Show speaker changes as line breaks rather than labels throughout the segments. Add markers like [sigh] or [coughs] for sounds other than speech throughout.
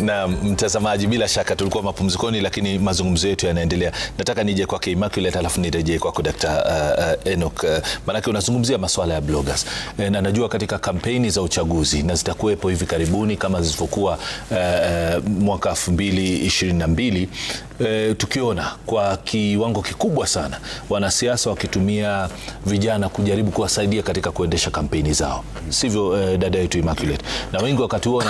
na mtazamaji, bila shaka tulikuwa mapumzikoni, lakini mazungumzo yetu yanaendelea. Nataka nije kwake Immaculate alafu nirejee kwako Dr. Uh, uh, Enoch, uh, maanake unazungumzia masuala ya bloggers eh, na najua katika kampeni za uchaguzi na zitakuwepo hivi karibuni kama zilivyokuwa uh, mwaka e, tukiona kwa kiwango kikubwa sana wanasiasa wakitumia vijana kujaribu kuwasaidia katika kuendesha kampeni zao, sivyo e, dada yetu Immaculate, na wengi wakati huo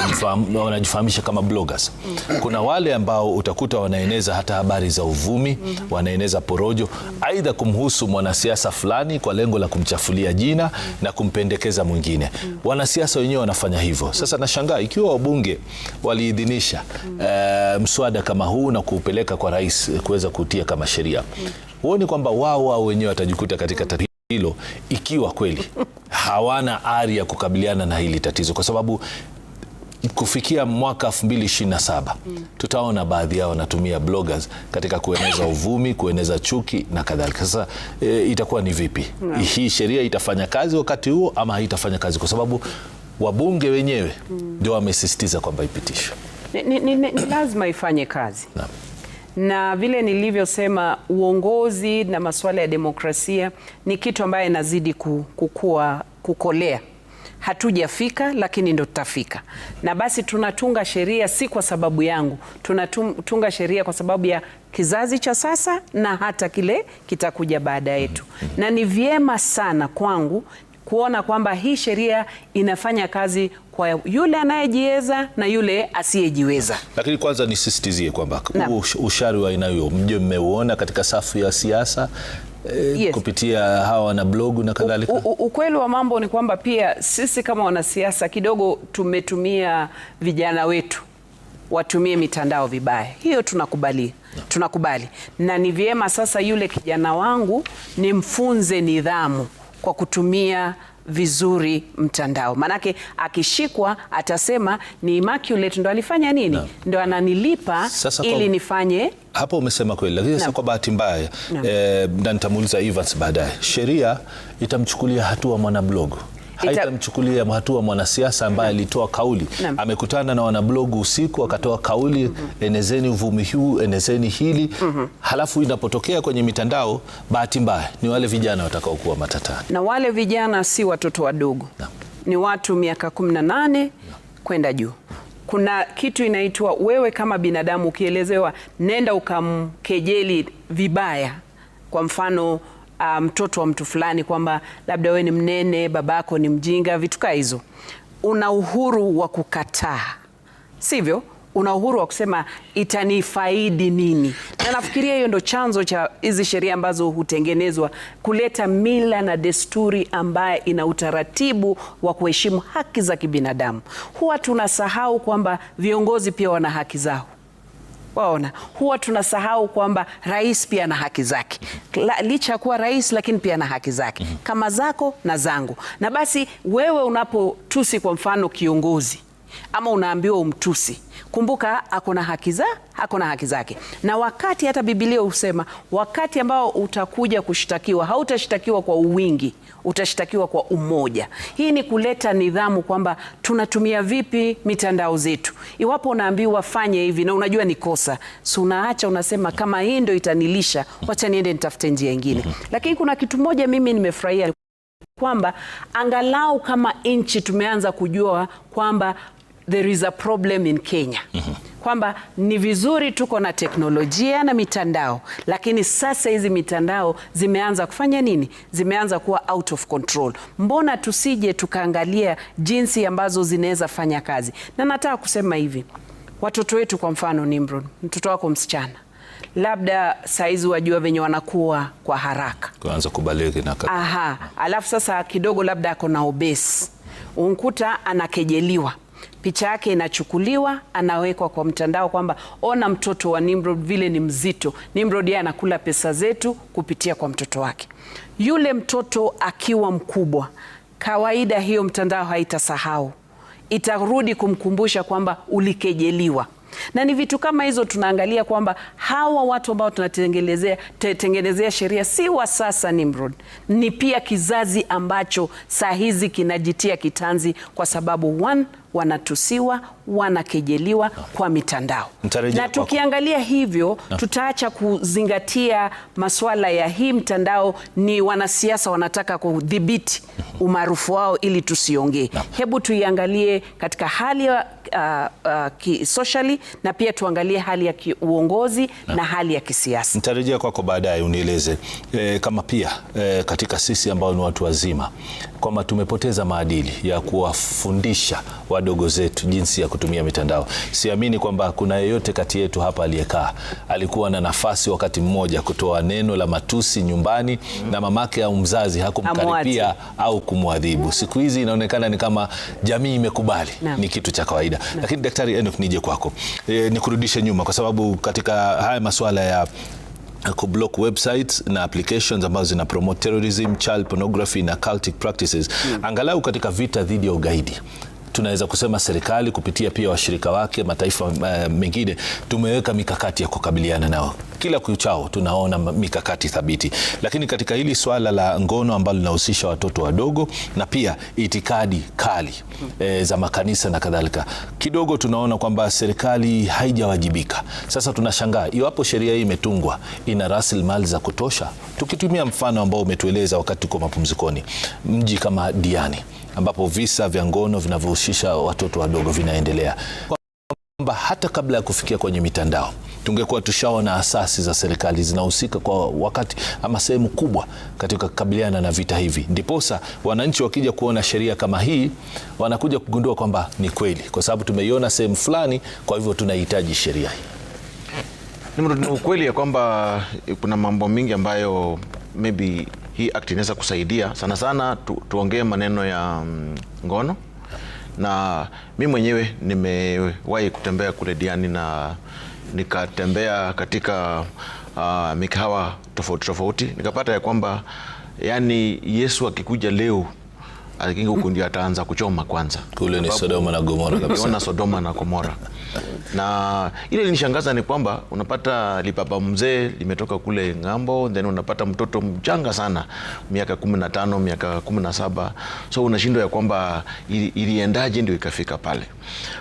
wanajifahamisha kama bloggers. Kuna wale ambao utakuta wanaeneza hata habari za uvumi, wanaeneza porojo, aidha kumhusu mwanasiasa fulani kwa lengo la kumchafulia jina na kumpendekeza mwingine. Wanasiasa wenyewe wanafanya hivyo. Sasa nashangaa ikiwa wabunge waliidhinisha e, mswada kama huu na kuupeleka kwa rais eh, kuweza kutia kama sheria, huoni kwamba wao wao wenyewe watajikuta katika tatizo hilo ikiwa kweli hawana ari ya kukabiliana na hili tatizo, kwa sababu kufikia mwaka 2027 mm. tutaona baadhi yao wanatumia bloggers katika kueneza uvumi, kueneza chuki na kadhalika. Sasa e, itakuwa ni vipi? No. Hii sheria itafanya kazi wakati huo ama haitafanya kazi? Kwa sababu wabunge wenyewe mm. ndio mm. wamesisitiza kwamba ipitishwe.
Ni, ni, ni, ni lazima ifanye kazi na na vile nilivyosema, uongozi na masuala ya demokrasia ni kitu ambayo inazidi kukua, kukolea hatujafika lakini ndo tutafika. Na basi tunatunga sheria si kwa sababu yangu, tunatunga sheria kwa sababu ya kizazi cha sasa na hata kile kitakuja baada yetu, na ni vyema sana kwangu kuona kwamba hii sheria inafanya kazi kwa yule anayejiweza na yule asiyejiweza.
Lakini kwanza nisisitizie kwamba ushari wa aina hiyo mje mmeuona katika safu ya siasa e, yes. kupitia hawa wana blogu na kadhalika.
Ukweli wa mambo ni kwamba pia sisi kama wanasiasa kidogo tumetumia vijana wetu watumie mitandao vibaya, hiyo tunakubali no. tunakubali na ni vyema sasa, yule kijana wangu nimfunze nidhamu kwa kutumia vizuri mtandao. Manake akishikwa atasema ni Immaculate ndo alifanya nini, ndo ananilipa kwa... ili nifanye
hapo. Umesema kweli, lakini sasa kwa bahati mbaya na e, eh, nitamuuliza Evans baadaye, sheria itamchukulia hatua mwanablog haitamchukulia hatua mwanasiasa ambaye mm-hmm. alitoa kauli amekutana na wanablogu usiku akatoa kauli mm -hmm. enezeni uvumi huu, enezeni hili mm -hmm. halafu inapotokea kwenye mitandao, bahati mbaya ni wale vijana watakaokuwa matatani,
na wale vijana si watoto wadogo, ni watu miaka 18 kwenda juu kuna kitu inaitwa wewe kama binadamu ukielezewa, nenda ukamkejeli vibaya, kwa mfano Um, mtoto um, wa mtu fulani kwamba labda wewe ni mnene, babako ni mjinga, vitu kaa hizo, una uhuru wa kukataa, sivyo? Una uhuru wa kusema itanifaidi nini? Na nafikiria hiyo ndo chanzo cha hizi sheria ambazo hutengenezwa kuleta mila na desturi ambaye ina utaratibu wa kuheshimu haki za kibinadamu. Huwa tunasahau kwamba viongozi pia wana haki zao. Waona, huwa tunasahau kwamba rais pia ana haki zake, licha ya kuwa rais, lakini pia ana haki zake mhm. kama zako na zangu. Na basi wewe unapotusi kwa mfano kiongozi ama unaambiwa umtusi kumbuka ako na haki za ako na haki zake, na wakati hata Biblia husema wakati ambao utakuja kushtakiwa hautashtakiwa kwa uwingi, utashtakiwa kwa umoja. Hii ni kuleta nidhamu kwamba tunatumia vipi mitandao zetu. Iwapo unaambiwa fanye hivi na unajua ni kosa, si unaacha, unasema kama hii ndio itanilisha, wacha niende nitafute njia ingine mhm. Lakini kuna kitu moja mimi nimefurahia kwamba angalau kama nchi tumeanza kujua kwamba there is a problem in Kenya mm -hmm. Kwamba ni vizuri tuko na teknolojia na mitandao, lakini sasa hizi mitandao zimeanza kufanya nini? Zimeanza kuwa out of control. Mbona tusije tukaangalia jinsi ambazo zinaweza fanya kazi? Na nataka kusema hivi, watoto wetu, kwa mfano Nimrod, mtoto wako msichana labda saizi wajua venye wanakuwa kwa haraka
kuanza kubaliki na
aha, alafu sasa kidogo labda ako na obesi, unkuta anakejeliwa picha yake inachukuliwa, anawekwa kwa mtandao kwamba ona mtoto wa Nimrod vile ni mzito. Nimrod yeye anakula pesa zetu kupitia kwa mtoto wake. Yule mtoto akiwa mkubwa, kawaida hiyo mtandao haitasahau, itarudi kumkumbusha kwamba ulikejeliwa na ni vitu kama hizo tunaangalia kwamba hawa watu ambao tunatengenezea tengenezea sheria si wa sasa Nimrod, ni pia kizazi ambacho saa hizi kinajitia kitanzi kwa sababu one wanatusiwa, wanakejeliwa kwa mitandao Mtarejia na tukiangalia hivyo na, tutaacha kuzingatia masuala ya hii mtandao. Ni wanasiasa wanataka kudhibiti mhm. umaarufu wao ili tusiongee. Hebu tuiangalie katika hali ya uh, uh, kisoshali na pia tuangalie hali ya kiuongozi na, na hali ya kisiasa.
Nitarejea kwako baadaye unieleze e, kama pia e, katika sisi ambao ni watu wazima kwamba tumepoteza maadili ya kuwafundisha wadogo zetu jinsi ya kutumia mitandao. Siamini kwamba kuna yeyote kati yetu hapa aliyekaa alikuwa na nafasi wakati mmoja kutoa neno la matusi nyumbani na mamake au mzazi hakumkaribia au kumwadhibu. Siku hizi inaonekana ni kama jamii imekubali, ni kitu cha kawaida. Lakini Daktari Enoch, nije kwako, e, nikurudishe nyuma kwa sababu katika haya masuala ya kublock websites na applications ambazo zina promote terrorism, child pornography na cultic practices, hmm. angalau katika vita dhidi ya ugaidi tunaweza kusema serikali kupitia pia washirika wake mataifa uh, mengine tumeweka mikakati ya kukabiliana nao. Kila kuchao tunaona mikakati thabiti, lakini katika hili swala la ngono ambalo linahusisha watoto wadogo na pia itikadi kali e, za makanisa na kadhalika, kidogo tunaona kwamba serikali haijawajibika. Sasa tunashangaa iwapo sheria hii imetungwa, ina rasilimali za kutosha, tukitumia mfano ambao umetueleza wakati tuko mapumzikoni, mji kama Diani ambapo visa vya ngono vinavyohusisha watoto wadogo vinaendelea kwamba hata kabla ya kufikia kwenye mitandao tungekuwa tushaona asasi za serikali zinahusika kwa wakati ama sehemu kubwa katika kukabiliana na vita hivi. Ndiposa wananchi wakija kuona sheria kama hii wanakuja kugundua kwamba ni kweli, kwa sababu tumeiona sehemu fulani, kwa hivyo tunahitaji sheria hii.
Ni ukweli ya kwamba kuna mambo mengi ambayo maybe hii act inaweza kusaidia sana sana tu, tuongee maneno ya mm, ngono na mi mwenyewe nimewahi kutembea kule Diani na nikatembea katika uh, mikahawa tofauti tofauti, nikapata ya kwamba yani Yesu akikuja leo lakini huku ndio ataanza kuchoma kwanza.
Kule ni Sodoma na Gomora
kabisa. Ona Sodoma na Gomora. Na ile linishangaza ni kwamba unapata lipapa mzee limetoka kule ng'ambo, then unapata mtoto mchanga sana miaka kumi na tano miaka kumi na saba so unashindwa ya kwamba iliendaje ndio ikafika pale.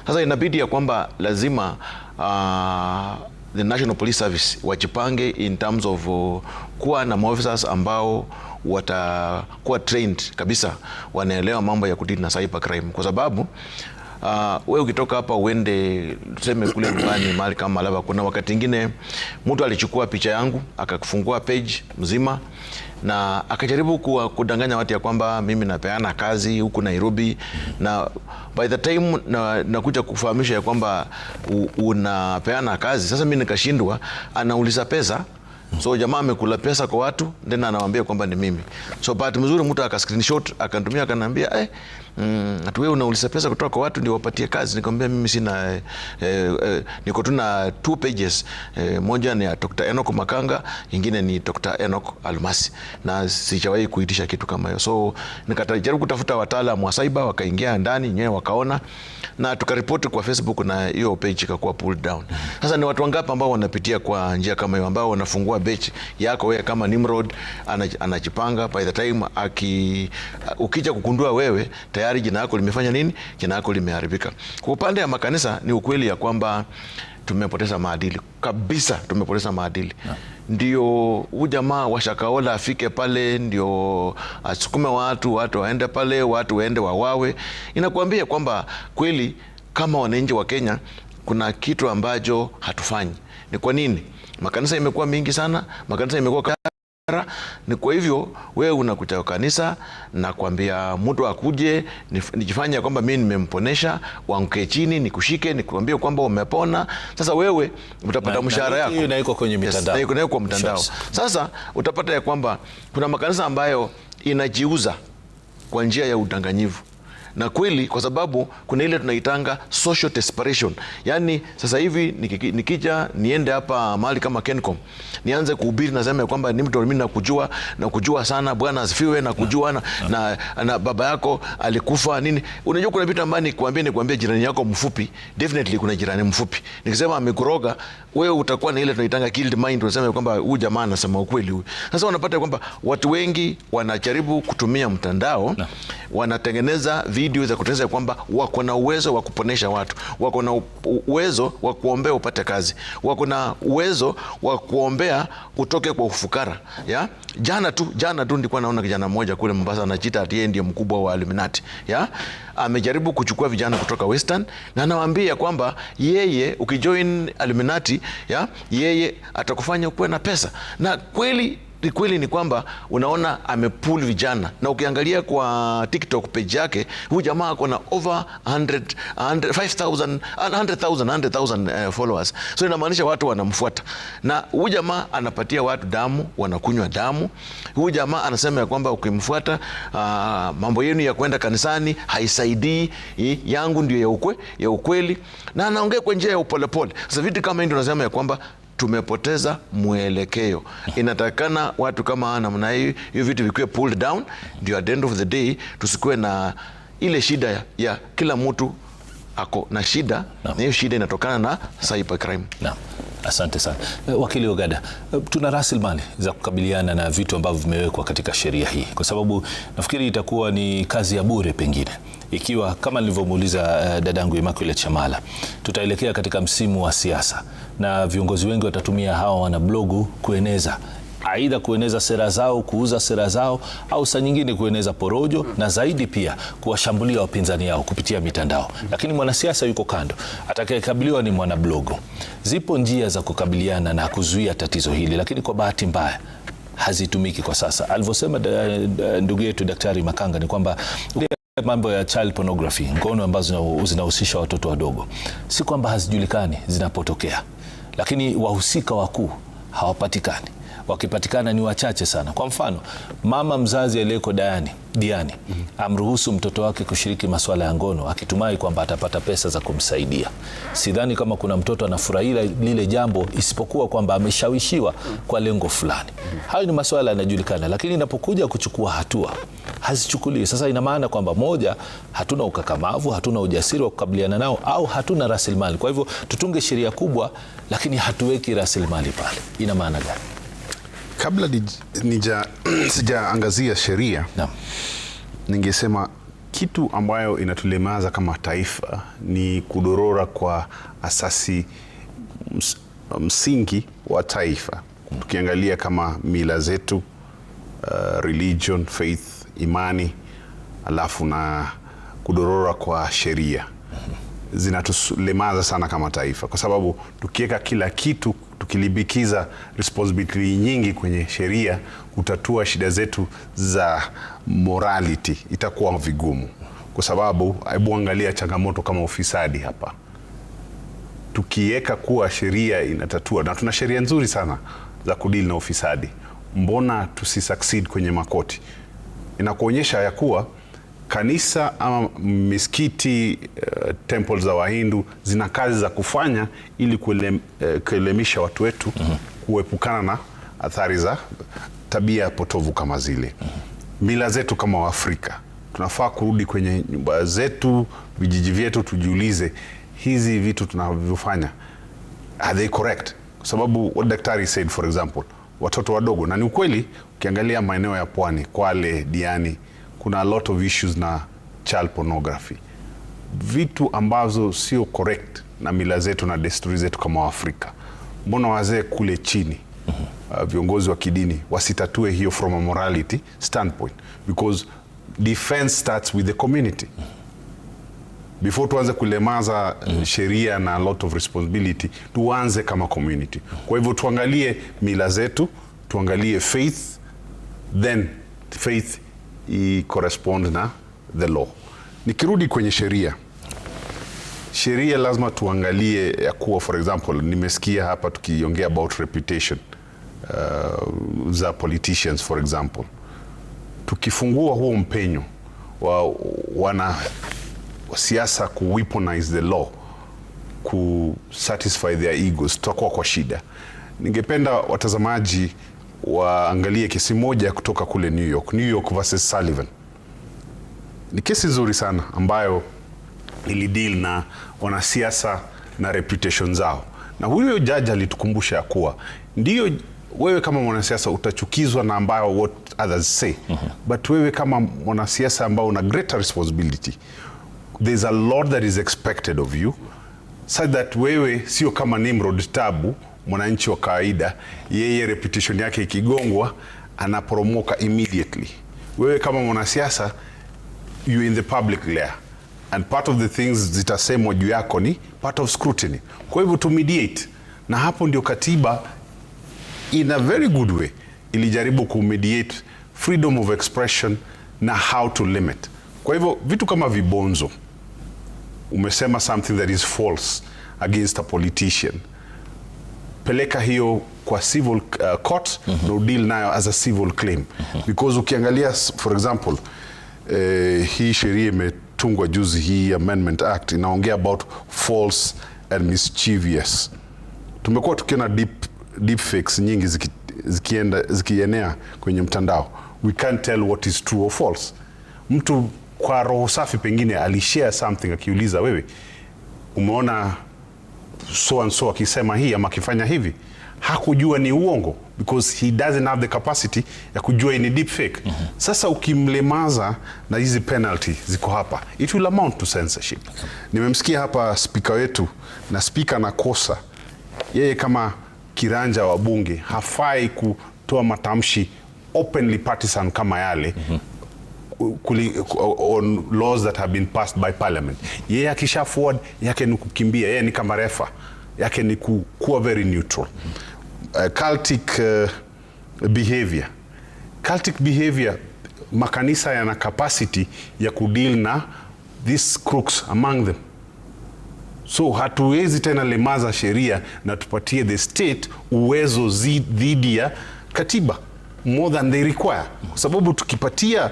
Sasa inabidi ya kwamba lazima uh, the National Police Service wajipange in terms of uh, kuwa na maofisa ambao watakuwa trained kabisa, wanaelewa mambo ya kudili na cyber crime kwa sababu Uh, we ukitoka hapa uende tuseme kule nyumbani mahali kama Malaba, kuna wakati ingine mtu alichukua picha yangu akafungua page mzima na akajaribu kuwa, kudanganya watu ya kwamba mimi napeana kazi huku Nairobi, na by the time nakuja na kufahamisha ya kwamba unapeana kazi, sasa mimi nikashindwa, anauliza pesa So jamaa amekula pesa kwa watu then anawaambia kwamba ni mimi. So bahati mzuri mtu aka screenshot akanitumia akaniambia eh, mm, wewe unauliza pesa kutoka kwa watu ndio wapatie kazi. Nikamwambia mimi sina eh, eh, eh, niko tu na two pages eh, moja ni ya Dr. Enoch Makanga, ingine ni Dr. Enoch Almasi, na sijawahi kuitisha kitu kama hiyo, so nikajaribu kutafuta wataalamu wa cyber, wakaingia ndani nyewe wakaona, na tukaripoti kwa Facebook na hiyo page ikakuwa pulled down. Sasa ni watu wangapi ambao wanapitia kwa njia kama hiyo, ambao wanafungua batch yako wewe kama Nimrod anajipanga, by the time aki ukija kukundua wewe tayari tayari jina yako limefanya nini? Jina yako limeharibika. Kwa upande ya makanisa, ni ukweli ya kwamba tumepoteza maadili kabisa, tumepoteza maadili yeah. Ndio huu jamaa washakaola afike pale, ndio asukume watu, watu waende pale, watu waende wawawe. Inakuambia kwamba kweli kama wananchi wa Kenya kuna kitu ambacho hatufanyi. Ni kwa nini makanisa imekuwa mingi sana? Makanisa imekuwa ni kwa hivyo wewe unakuja kanisa na kuambia mtu akuje, nijifanye kwamba mimi nimemponesha, waanguke chini nikushike, nikuambie kwamba umepona. Sasa wewe utapata mshahara yako,
na iko kwenye mitandao,
yes, na iko kwa mtandao. Sasa utapata ya kwamba kuna makanisa ambayo inajiuza kwa njia ya udanganyivu na kweli, kwa sababu kuna ile tunaitanga social desperation. Yani sasa hivi nikija niende hapa mahali kama Kencom nianze kuhubiri nasema ya kwamba ni mtu mimi nakujua na kujua sana, Bwana asifiwe, na kujua na, na, na, na baba yako alikufa nini. Unajua kuna vitu ambavyo nikwambie nikwambie jirani yako mfupi, definitely kuna jirani mfupi nikisema amekuroga wewe, utakuwa na ile tunaitanga killed mind, unasema kwamba huyu jamaa anasema ukweli huyu. Sasa unapata kwamba watu wengi wanajaribu kutumia mtandao, wanatengeneza vi video za kutueleza kwamba wako na uwezo wa kuponesha watu, wako na uwezo wa kuombea upate kazi, wako na uwezo wa kuombea utoke kwa ufukara ya? Jana tu jana tu nilikuwa naona kijana mmoja kule Mombasa anajiita ati yeye ndiye mkubwa wa Illuminati ya? Amejaribu kuchukua vijana kutoka Western na anawaambia kwamba yeye ukijoin Illuminati ya yeye atakufanya ukuwe na pesa na kweli kweli ni kwamba unaona amepul vijana, na ukiangalia kwa TikTok page yake huyu jamaa ako na over 100 5000 100,000 followers, so inamaanisha watu wanamfuata, na huyu jamaa anapatia watu damu, wanakunywa damu. Huyu jamaa anasema ya kwamba ukimfuata, uh, mambo yenu ya kwenda kanisani haisaidii, yangu ndio ya ukwe, ya ukweli, na anaongea kwa njia ya upolepole. Sasa vitu kama hii ndio ya kwamba tumepoteza mwelekeo. Inatakana watu kama hawa namna hii, hiyo vitu vikuwe pulled down, ndio at the end of the day tusikuwe na ile shida ya kila mtu ako na shida na hiyo shida inatokana na cyber crime.
Asante sana eh, wakili Ogada, eh, tuna rasilimali za kukabiliana na vitu ambavyo vimewekwa katika sheria hii, kwa sababu nafikiri itakuwa ni kazi ya bure pengine ikiwa kama nilivyomuuliza uh, dadangu Immaculate Shamala, tutaelekea katika msimu wa siasa na viongozi wengi watatumia hawa wanablogu kueneza aidha kueneza sera zao, kuuza sera zao, au saa nyingine kueneza porojo mm. na zaidi pia kuwashambulia wapinzani yao kupitia mitandao mm. Lakini mwanasiasa yuko kando, atakayekabiliwa ni mwanablogo. Zipo njia za kukabiliana na kuzuia tatizo hili, lakini kwa bahati mbaya hazitumiki kwa sasa. Alivyosema eh, eh, ndugu yetu Daktari Makanga ni kwamba mambo ya child pornography, ngono ambazo zinahusisha watoto wadogo, si kwamba hazijulikani zinapotokea, lakini wahusika wakuu hawapatikani wakipatikana ni wachache sana. Kwa mfano, mama mzazi aliyeko diani, diani amruhusu mtoto wake kushiriki masuala ya ngono akitumai kwamba atapata pesa za kumsaidia. Sidhani kama kuna mtoto anafurahia lile jambo, isipokuwa kwamba ameshawishiwa kwa lengo fulani. Hayo ni masuala yanajulikana, lakini inapokuja kuchukua hatua hazichukuliwi. Sasa ina maana kwamba moja, hatuna ukakamavu, hatuna ujasiri wa kukabiliana nao, au hatuna rasilimali. Kwa hivyo tutunge sheria kubwa, lakini hatuweki rasilimali pale. Ina maana gani?
Kabla nija [clears throat] sijaangazia sheria no. Ningesema kitu ambayo inatulemaza kama taifa ni kudorora kwa asasi ms, msingi wa taifa tukiangalia kama mila zetu uh, religion faith imani, alafu na kudorora kwa sheria zinatulemaza sana kama taifa, kwa sababu tukiweka kila kitu tukilibikiza responsibility nyingi kwenye sheria, kutatua shida zetu za morality itakuwa vigumu, kwa sababu hebu angalia changamoto kama ufisadi hapa. Tukiweka kuwa sheria inatatua, na tuna sheria nzuri sana za kudili na ufisadi, mbona tusi succeed kwenye makoti? Inakuonyesha ya kuwa kanisa ama misikiti uh, temple za Wahindu zina kazi za kufanya ili eh, kuelemisha uh, watu wetu mm -hmm. kuepukana na athari za tabia potovu kama zile mm -hmm. mila zetu kama Waafrika tunafaa kurudi kwenye nyumba zetu, vijiji vyetu, tujiulize hizi vitu tunavyofanya are they correct? Kwa sababu what daktari said for example, watoto wadogo, na ni ukweli, ukiangalia maeneo ya pwani, Kwale, Diani kuna a lot of issues na child pornography, vitu ambazo sio correct na mila zetu na desturi zetu kama Waafrika. Mbona wazee kule chini uh, viongozi wa kidini wasitatue hiyo from a morality standpoint because defense starts with the community before tuanze kulemaza mm. sheria na a lot of responsibility, tuanze kama community. Kwa hivyo tuangalie mila zetu, tuangalie faith, then faith i correspond na the law. Nikirudi kwenye sheria, sheria lazima tuangalie ya kuwa, for example, nimesikia hapa tukiongea about reputation uh, za politicians for example. Tukifungua huo mpenyo wa wana siasa ku weaponize the law ku satisfy their egos, tutakuwa kwa shida. Ningependa watazamaji waangalie kesi moja kutoka kule New York, New York versus Sullivan. Ni kesi nzuri sana ambayo ili deal na wanasiasa na reputation zao, na huyo jaji alitukumbusha ya kuwa ndiyo wewe kama mwanasiasa utachukizwa na ambayo what others say mm -hmm. But wewe kama mwanasiasa ambao una greater responsibility there's a lot that is expected of you such that wewe sio kama Nimrod Tabu mwananchi wa kawaida, yeye reputation yake ikigongwa anaporomoka immediately. Wewe kama mwanasiasa you in the public glare and part of the things zitasemwa juu yako ni part of scrutiny. Kwa hivyo to mediate, na hapo ndio katiba in a very good way ilijaribu ku mediate freedom of expression na how to limit. Kwa hivyo vitu kama vibonzo, umesema something that is false against a politician peleka hiyo kwa civil uh, court mm -hmm. no deal nayo as a civil claim mm -hmm. because ukiangalia for example eh, hii sheria imetungwa juzi, hii Amendment Act inaongea about false and mischievous. Tumekuwa tukiona deep, deep fakes nyingi ziki, zikienda, zikienea kwenye mtandao, we can't tell what is true or false. Mtu kwa roho safi pengine alishare something akiuliza, wewe umeona so and so akisema hii ama akifanya hivi hakujua ni uongo because he doesn't have the capacity ya kujua ni deep fake. Mm -hmm. Sasa ukimlemaza na hizi penalty ziko hapa, it will amount to censorship. Okay. Nimemsikia hapa spika wetu na spika nakosa yeye kama kiranja wa bunge hafai kutoa matamshi openly partisan kama yale. Mm -hmm on laws that have been passed by parliament. Yeye akisha forward yake ni kukimbia, yeye ni kama refa yake ni kuwa very neutral. Uh, cultic uh, behavior cultic behavior, makanisa yana capacity ya kudeal na these crooks among them, so hatuwezi tena lemaza sheria na tupatie the state uwezo dhidi ya katiba more than they require, kwa sababu tukipatia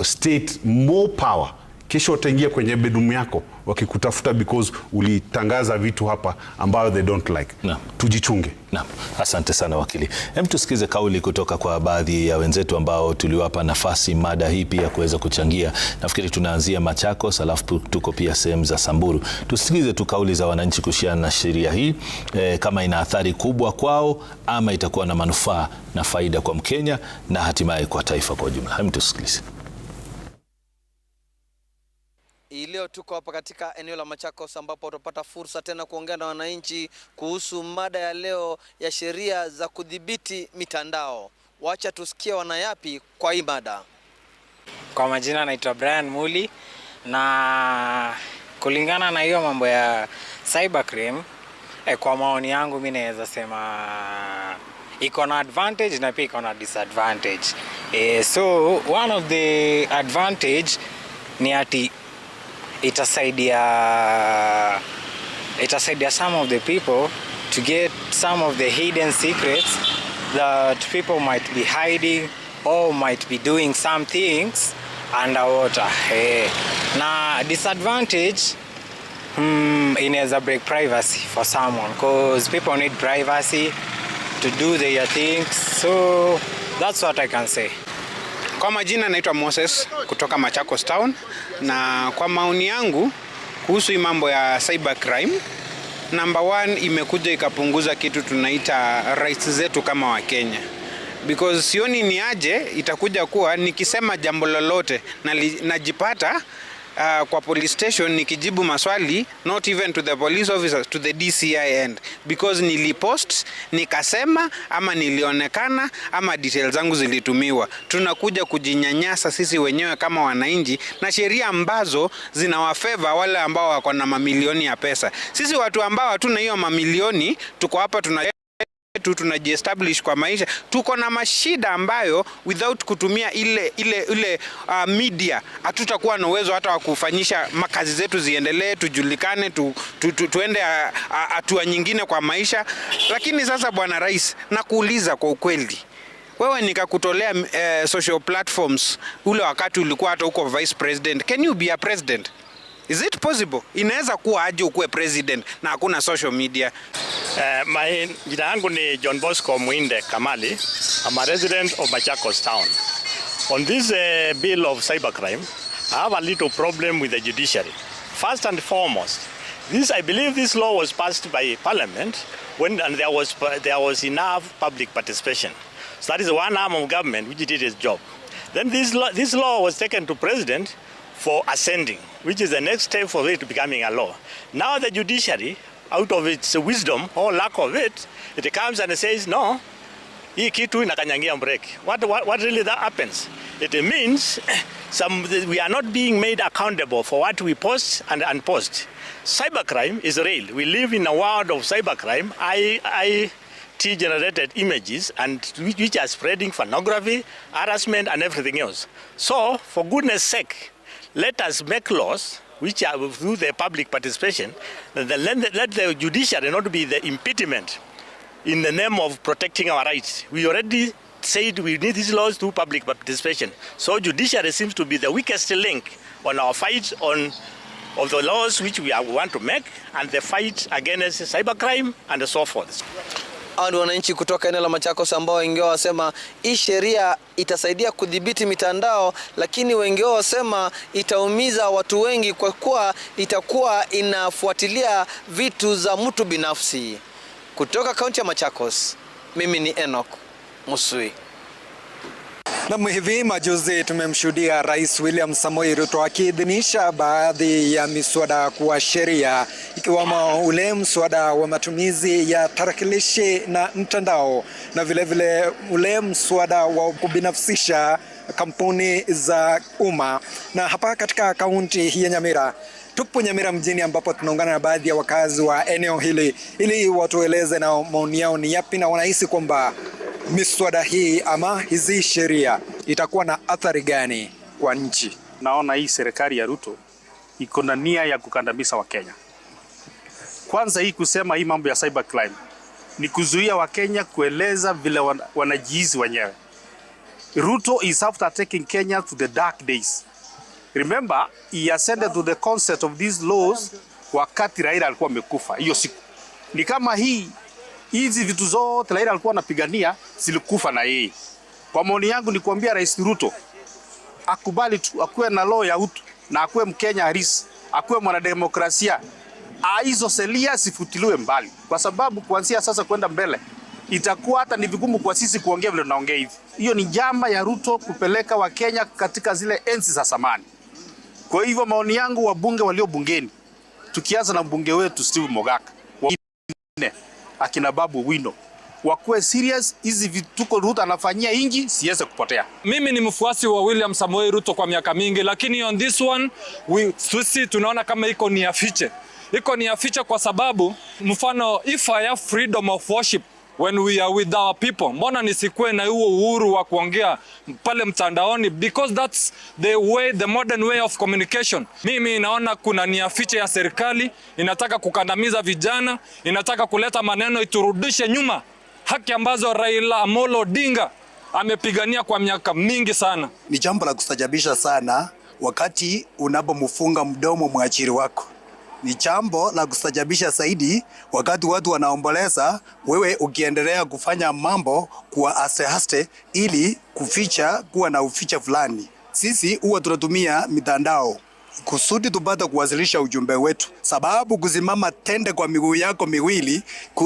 state more power kisha utaingia kwenye bedroom yako wakikutafuta because ulitangaza vitu hapa ambayo they don't like na. Tujichunge
na. Asante sana wakili, hem, tusikize kauli kutoka kwa baadhi ya wenzetu ambao tuliwapa nafasi mada hii pia kuweza kuchangia. Nafikiri tunaanzia Machakos, alafu tuko pia sehemu za Samburu. Tusikize tu kauli za wananchi kuhusiana na sheria hii e, kama ina athari kubwa kwao ama itakuwa na manufaa na faida kwa Mkenya na hatimaye kwa taifa kwa ujumla. Hem, tusikilize.
Hii leo tuko hapa katika eneo la Machakos ambapo tutapata fursa tena kuongea na wananchi kuhusu mada ya leo ya sheria za kudhibiti mitandao. Wacha tusikie wanayapi kwa hii mada.
Kwa majina naitwa Brian Muli, na kulingana na hiyo mambo ya cybercrime eh, kwa maoni yangu mimi naweza sema iko na advantage na pia iko na disadvantage eh, so one of the advantage ni ati itasaidia itasaidia some of the people to get some of the hidden secrets that people might be hiding or might be doing some things underwater. Hey. Eh. Na disadvantage mm, inaweza break privacy for someone because people need privacy to do their things so that's what I can say.
Kwa majina naitwa Moses kutoka Machakos Town, na kwa maoni yangu kuhusu mambo ya cyber crime, number one imekuja ikapunguza kitu tunaita rights zetu kama Wakenya because sioni ni aje itakuja kuwa nikisema jambo lolote na najipata uh, kwa police station nikijibu maswali not even to the police officers to the DCI end because nilipost nikasema ama nilionekana ama details zangu zilitumiwa. Tunakuja kujinyanyasa sisi wenyewe kama wananchi na sheria ambazo zinawafeva wale ambao wako na mamilioni ya pesa. Sisi watu ambao hatuna hiyo mamilioni tuko hapa tuna tu tunajiestablish kwa maisha, tuko na mashida ambayo without kutumia ile ile ile uh, media hatutakuwa na uwezo hata wa kufanyisha makazi zetu ziendelee, tujulikane tu, tu, tu, tuende uh, uh, hatua nyingine kwa maisha. Lakini sasa, Bwana Rais, nakuuliza kwa ukweli wewe nikakutolea uh, social platforms ule wakati ulikuwa hata uko vice president, can you be a president? Is it possible? Inaweza kuwa aje ukuwe president na hakuna social media?
Uh, my, jina yangu ni John Bosco Mwinde Kamali. I'm a resident of Machakos town. On this uh, bill of cybercrime, I have a little problem with the judiciary. First and foremost, this I believe this law was passed by parliament when and there was there was enough public participation. So that is one arm of government which did its job. Then this law, this law was taken to president for ascending, which is the next step for it becoming a law. Now the judiciary, out of its wisdom or lack of it, it comes and says, no, hii kitu inakanyangia mbreki. What, what, what really that happens? It means [coughs] some, we are not being made accountable for what we post and unpost. Cybercrime is real. We live in a world of cybercrime. I, I generated images and which are spreading pornography, harassment and everything else. So for goodness sake, let us make laws which are through the public participation, let the, judiciary not be the impediment in the name of protecting our rights. We already said we need these laws through public participation. So judiciary seems to be the weakest link on our fight on of the laws which we want to make and the fight against cybercrime and so forth
au ni wananchi kutoka eneo la Machakos ambao wengi wao wasema hii sheria itasaidia kudhibiti mitandao, lakini wengi wao wasema itaumiza watu wengi kwa kuwa itakuwa inafuatilia vitu za mtu binafsi. Kutoka kaunti ya Machakos, mimi ni Enoch Musui.
Nam, hivi majuzi tumemshuhudia Rais William Samoei Ruto akiidhinisha baadhi ya miswada kuwa sheria, ikiwemo ule mswada wa matumizi ya tarakilishi na mtandao na vilevile vile ule mswada wa kubinafsisha kampuni za umma. Na hapa katika kaunti hii ya Nyamira Tupo Nyamira mjini ambapo tunaungana na baadhi ya wakazi wa eneo hili ili watueleze na maoni yao ni yapi na wanahisi kwamba miswada hii ama hizi sheria itakuwa na athari gani kwa nchi.
Naona hii serikali ya Ruto iko na nia ya kukandamiza Wakenya. Kwanza hii kusema hii mambo ya cyber crime ni kuzuia Wakenya kueleza vile wanajihizi wenyewe. Ruto is after taking Kenya to the dark days. Remember, he ascended to the concept of these laws wakati Raila alikuwa amekufa. Hiyo siku ni kama hii, hizi vitu zote Raila alikuwa anapigania zilikufa na yeye. Kwa maoni yangu ni kuambia Rais Ruto akubali tu, akuwe na law ya utu na akuwe Mkenya halisi, akuwe mwanademokrasia, ah, hizo sheria zifutiliwe mbali, kwa sababu kuanzia sasa kwenda mbele itakuwa hata ni vigumu kwa sisi kuongea vile tunaongea hivi. Hiyo ni njama ya Ruto kupeleka Wakenya katika zile enzi za zamani. Kwa hivyo maoni yangu, wabunge walio bungeni, tukianza na mbunge wetu Steve Mogaka, wengine akina Babu Wino wakuwe serious, hizi vituko Ruto anafanyia inji siweze kupotea.
Mimi ni mfuasi wa William Samoei Ruto kwa miaka mingi, lakini on this one we, sisi tunaona kama iko ni afiche, iko ni afiche kwa sababu mfano ifa ya freedom of worship when we are with our people. Mbona nisikuwe na huo uhuru wa kuongea pale mtandaoni because that's the way, the modern way of communication. Mimi naona kuna nia fiche ya serikali inataka kukandamiza vijana, inataka kuleta maneno iturudishe nyuma haki ambazo Raila Amolo Odinga amepigania kwa miaka mingi sana.
Ni jambo la kustajabisha sana wakati unapomfunga mdomo mwajiri wako. Ni chambo la kustajabisha zaidi, wakati watu wanaomboleza, wewe ukiendelea kufanya mambo kwa asteaste ili kuficha, kuwa na uficha fulani. Sisi huwa tunatumia mitandao kusudi tupata kuwasilisha ujumbe wetu, sababu kusimama tende kwa miguu yako miwili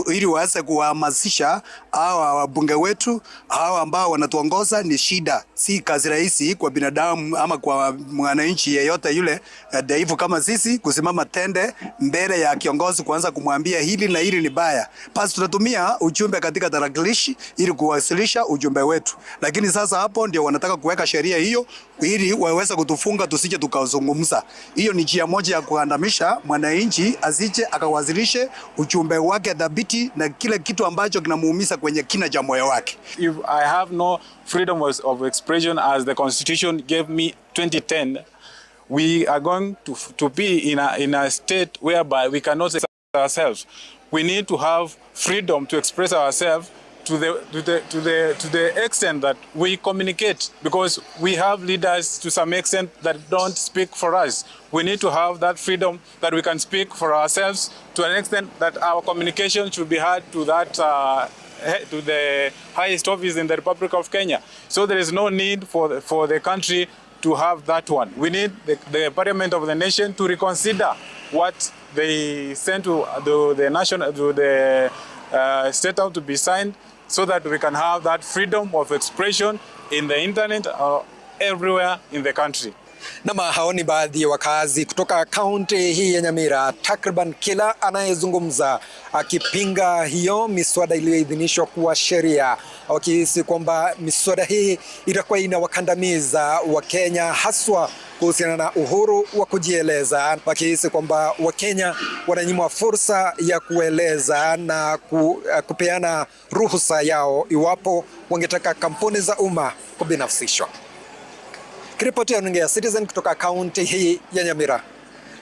ili waweze kuwahamasisha hawa wabunge wetu, hawa ambao wanatuongoza ni shida si kazi rahisi kwa binadamu ama kwa mwananchi yeyote yule eh, dhaifu kama sisi, kusimama tende mbele ya kiongozi, kuanza kumwambia hili na hili ni baya. Basi tunatumia ujumbe katika tarakilishi ili kuwasilisha ujumbe wetu, lakini sasa hapo ndio wanataka kuweka sheria hiyo ili waweze kutufunga tusije tukazungumza. Hiyo ni njia moja ya kuandamisha mwananchi asije akawasilishe ujumbe wake dhabiti na kile kitu ambacho kinamuumiza kwenye kina cha moyo wake.
If I have no freedom of expression expression as the constitution gave me 2010, we are going to, to be in a, in a state whereby we cannot express ourselves. We need to have freedom to express ourselves to the, to the, to the, to the extent that we communicate because we have leaders to some extent that don't speak for us. We need to have that freedom that we can speak for ourselves to an extent that our communication should be heard to that uh, [laughs] Eh, to the highest office in the Republic of Kenya. So there is no need for for the country to have that one. We need the, the parliament of the nation to reconsider what they sent to the, the national to the uh, state out to be signed so that we can have that freedom of expression in the internet or uh, everywhere in the country
nama hao ni baadhi ya wakazi kutoka kaunti hii ya Nyamira. Takriban kila anayezungumza akipinga hiyo miswada iliyoidhinishwa kuwa sheria, wakihisi kwamba miswada hii itakuwa inawakandamiza Wakenya haswa kuhusiana na uhuru wa kujieleza, wakihisi kwamba Wakenya wananyimwa fursa ya kueleza na ku, eh, kupeana ruhusa yao iwapo wangetaka kampuni za umma kubinafsishwa. Kiripoti ya runinga ya Citizen kutoka kaunti hii ya Nyamira.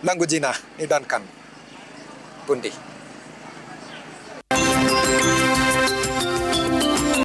Langu jina ni Duncan Bundi.